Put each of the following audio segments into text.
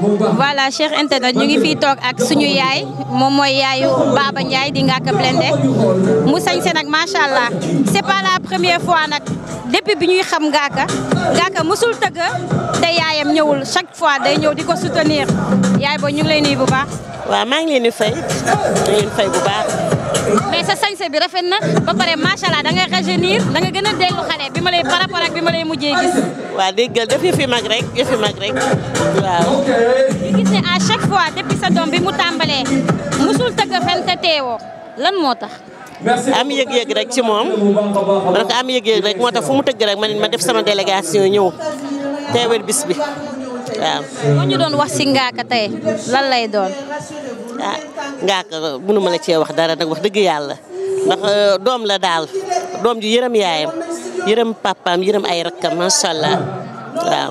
voilà Cheikh internet ñu ngi fii toog ak suñu yaay moom mooy yaayu Baba Ndiaye di Ngaaka Blindé mu sañse nag macha allah c'est la première fois nag depuis bi ñuy xam Ngaaka Ngaaka musul tëgg te yaayam ñëwul chaque fois day ñëw di ko soutenir yaay boo ñu ngi lay nuyu bu baax. waaw maa ngi leen di fay maa ngi fay bu baax. mais sa sañse bi rafet na ba pare macha allah da ngay gën a dellu xale bi ma lay par rapport ak bi ma lay mujjee gis. waaw déggal daf yëfi mag rek yëfi mag rek waaw. ñu gis ne à chaque fois depuis sa doom bi mu tàmbalee musul tëgg fen te teewoo lan moo tax. am yëg-yëg rek ci moom man ko am yëg-yëg rek moo tax fu mu tëgg rek ma ma def sama délégation ñëw teewel bis bi. waaw. ñu doon wax si ngaaka tey lan lay doon. ah ngaaka mënuma la cee wax dara nag wax dëgg yàlla ndax euh, doom la daal doom ju yërëm yaayam yërëm papaam yërëm ay rakkam macha allah waaw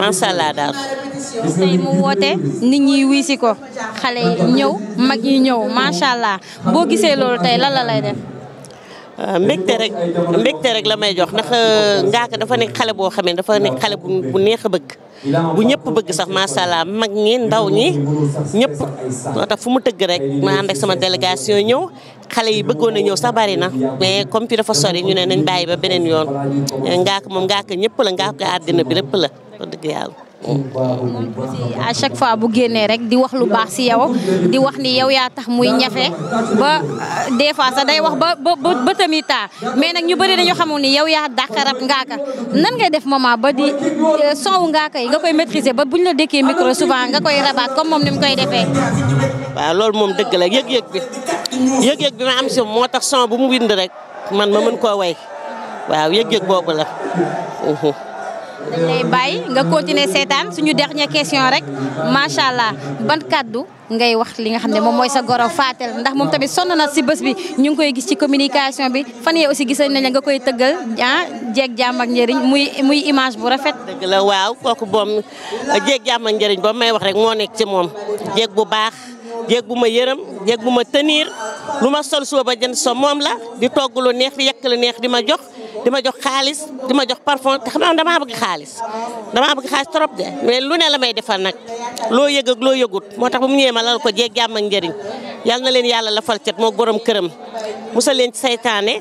macha allah daal. tey mu woote nit ñi wiisi ko xale ñëw mag yi ñëw macha boo gisee loolu tey lan la lay de Euh, mbégte rek mbégte rek la may jox ndax euh, Ngaaka dafa nekk xale boo xamee dafa nekk xale bu neex a bëgg bu ñëpp bëgg sax macha allah mag ñi ndaw ñi ñëpp moo fu mu tëgg rek ma ànd ak sama délégation ñëw xale yi bëggoon na ñëw sa bari na mais comme fi dafa sori ñu ne nañ bàyyi ba beneen yoon Ngaaka moom Ngaaka ñëpp la Ngaaka àddina bi lépp la wax dëgg yàlla aussi chaque fois bu génnee rek di wax lu baax si yow di wax ni yow yaa tax muy ñafe ba euh, des fois sax day wax ba ba ba tamit taa mais nag ñu bëri dañu xamul ni yow yaa dàq rab ngaaka nan ngay def moment ba di euh, sonw ngaaka yi nga koy maîtriser ba buñ la dékkee micro nga koy rabaat comme moom ni mu koy defee. waaw loolu moom dëgg la yëg-yëg bi yëg-yëg bi ma am si moo tax son bu mu wind rek man ma mën koo way waaw yëg-yëg boobu la. Uhuh. dañ lay bàyyi nga continuer seetaan suñu dernière question rek macha allah ban kàddu ngay wax li nga xam ne moom mooy sa goro Fatel ndax moom tamit sonn na si bés bi ñu ngi koy gis ci communication bi fan yee aussi gis nañ la nga koy tëggal ah jeeg jàmm ak njëriñ muy muy image bu rafet. dëgg la waaw kooku boom jeeg jàmm ak njëriñ boobu may wax rek moo nekk ci moom jeeg bu baax jeeg bu ma yërëm jeeg bu ma tenir lu ma sol suba ba jënd so moom la di togg lu neex di yekk lu neex di ma jox. di ma jox xaalis di ma jox parfum te xam naa damaa bëgg xaalis damaa bëgg xaalis trop de mais lu ne la may defal nag loo yëg loo yëgut moo tax bu mu ñëwee ma lal ko jeeg jàmm ak njëriñ yal na leen yàlla la fal cet moo borom këram musal leen ci saytaane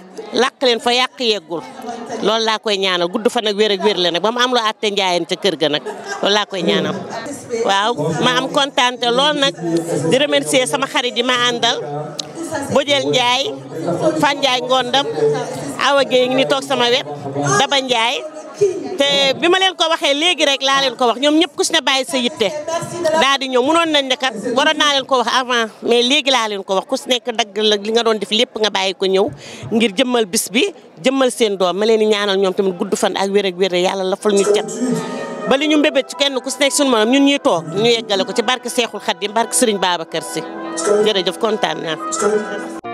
làq leen fa yàq yeggul loolu laa koy ñaanal gudd fa nag wér ak wér nag ba mu am lu àtte njaayeen ca kër ga nag loolu laa koy ñaanal waaw ma am kontaan te lool nag di remercier sama xarit yi ma àndal Bojel Awa Guèye ngi ni toog sama wet Daba Ndiaye te bi ma leen ko waxee léegi rek laa leen ko wax ñoom ñëpp ku si ne bàyyi sa yitte daal di ñëw mënoon nañ ne kat waroon naa leen ko wax avant mais léegi laa leen ko wax ku si nekk dagg la li nga doon def lépp nga bàyyi ko ñëw ngir jëmmal bis bi jëmmal seen doom ma leen di ñaanal ñoom tamit gudd fan ak wér ak wér yàlla la fal ñu cet ba li ñu mbébét ci kenn ku si nekk suñu morom ñun ñuy toog ñu yeggale ko ci barke Seexul Xadiim barke Sëriñ Babacar Si jërëjëf kontaan naa